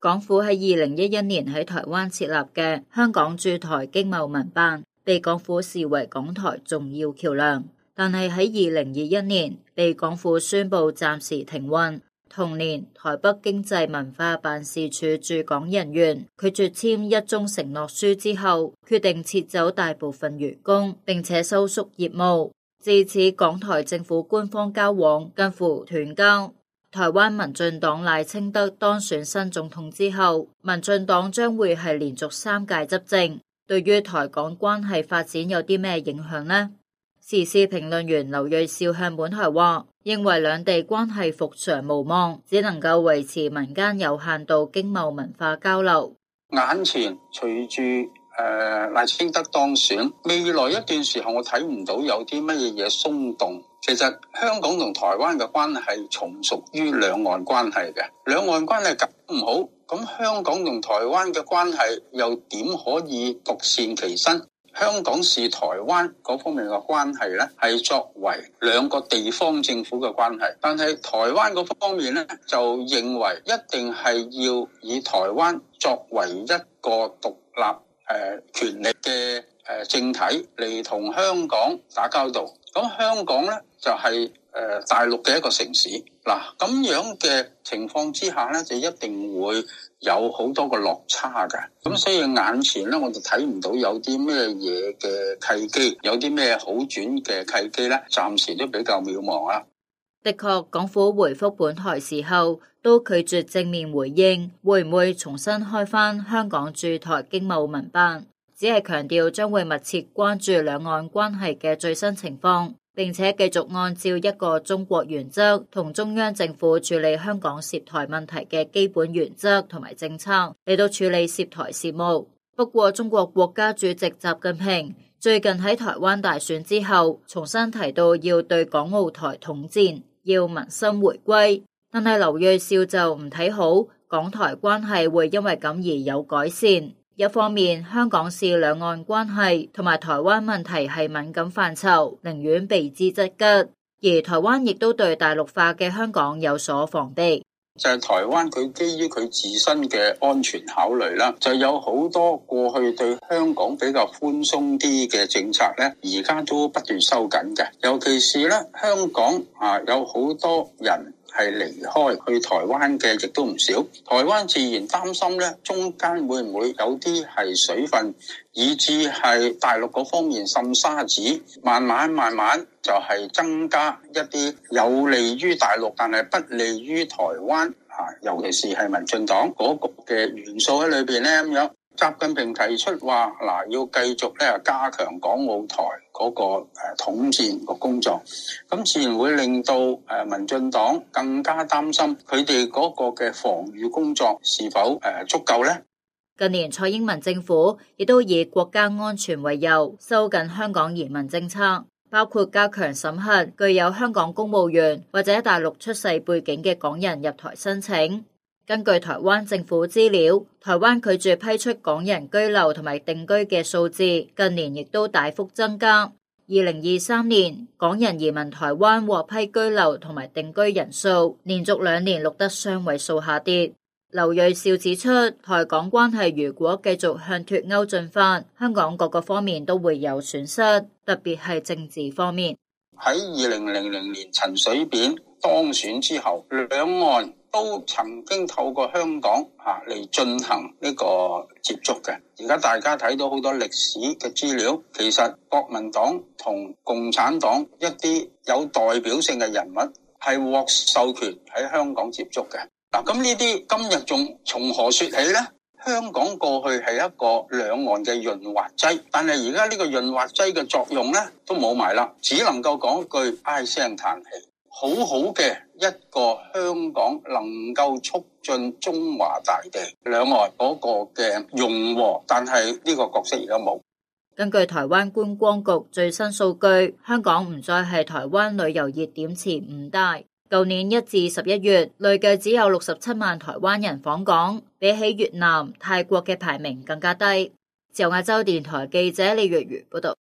港府喺二零一一年喺台灣設立嘅香港駐台經貿文辦，被港府視為港台重要橋樑，但係喺二零二一年被港府宣佈暫時停運。同年，台北經濟文化辦事處駐港人員拒絕簽一宗承諾書之後，決定撤走大部分員工，並且收縮業務。至此，港台政府官方交往近乎斷交。台灣民進黨賴清德當選新總統之後，民進黨將會係連續三屆執政，對於台港關係發展有啲咩影響呢？時事評論員劉銳紹向本台話，認為兩地關係復常無望，只能夠維持民間有限度經貿文化交流。眼前隨住誒賴清德當選，未來一段時間我睇唔到有啲乜嘢嘢鬆動。其實香港同台灣嘅關係從屬於兩岸關係嘅，兩岸關係搞唔好，咁香港同台灣嘅關係又點可以獨善其身？香港是台灣嗰方面嘅關係呢，係作為兩個地方政府嘅關係，但係台灣嗰方面呢就認為一定係要以台灣作為一個獨立誒、呃、權力嘅誒政體嚟同香港打交道，咁香港呢。就係誒大陸嘅一個城市嗱，咁樣嘅情況之下呢，就一定會有好多個落差㗎。咁所以眼前呢，我哋睇唔到有啲咩嘢嘅契機，有啲咩好轉嘅契機呢，暫時都比較渺茫啦。的確，港府回覆本台時候都拒絕正面回應，會唔會重新開返香港駐台經貿文辦？只係強調將會密切關注兩岸關係嘅最新情況。並且繼續按照一個中國原則同中央政府處理香港涉台問題嘅基本原則同埋政策嚟到處理涉台事務。不過，中國國家主席習近平最近喺台灣大選之後，重新提到要對港澳台統戰，要民心回歸。但係劉銳紹就唔睇好港台關係會因為咁而有改善。一方面，香港是兩岸關係同埋台灣問題係敏感範疇，寧願避之則吉；而台灣亦都對大陸化嘅香港有所防備，就係、是、台灣佢基於佢自身嘅安全考慮啦，就有好多過去對香港比較寬鬆啲嘅政策咧，而家都不斷收緊嘅。尤其是咧，香港啊，有好多人。係離開去台灣嘅亦都唔少，台灣自然擔心咧，中間會唔會有啲係水分，以至係大陸嗰方面滲沙子，慢慢慢慢就係增加一啲有利於大陸但係不利於台灣啊，尤其是係民進黨嗰局嘅元素喺裏邊咧咁樣。習近平提出話，嗱，要繼續咧加強港澳台。嗰個誒統戰個工作，咁自然會令到誒民進黨更加擔心佢哋嗰個嘅防禦工作是否誒足夠咧？近年蔡英文政府亦都以國家安全為由，收緊香港移民政策，包括加強審核具有香港公務員或者大陸出世背景嘅港人入台申請。根據台灣政府資料，台灣拒絕批出港人居留同埋定居嘅數字，近年亦都大幅增加。二零二三年，港人移民台灣獲批居留同埋定居人數連續兩年錄得雙位數下跌。劉瑞兆指出，台港關係如果繼續向脫歐進發，香港各個方面都會有損失，特別係政治方面。喺二零零零年陳水扁當選之後，兩岸都曾經透過香港嚇嚟進行呢個接觸嘅，而家大家睇到好多歷史嘅資料，其實國民黨同共產黨一啲有代表性嘅人物係獲授權喺香港接觸嘅。嗱，咁呢啲今日仲從何説起呢？香港過去係一個兩岸嘅潤滑劑，但係而家呢個潤滑劑嘅作用呢都冇埋啦，只能夠講句唉聲嘆氣。好好嘅一個香港，能夠促進中華大地兩岸嗰個嘅融合，但係呢個角色而家冇。根據台灣觀光局最新數據，香港唔再係台灣旅遊熱點前五大。舊年一至十一月，累計只有六十七萬台灣人訪港，比起越南、泰國嘅排名更加低。自由亞洲電台記者李若如報道。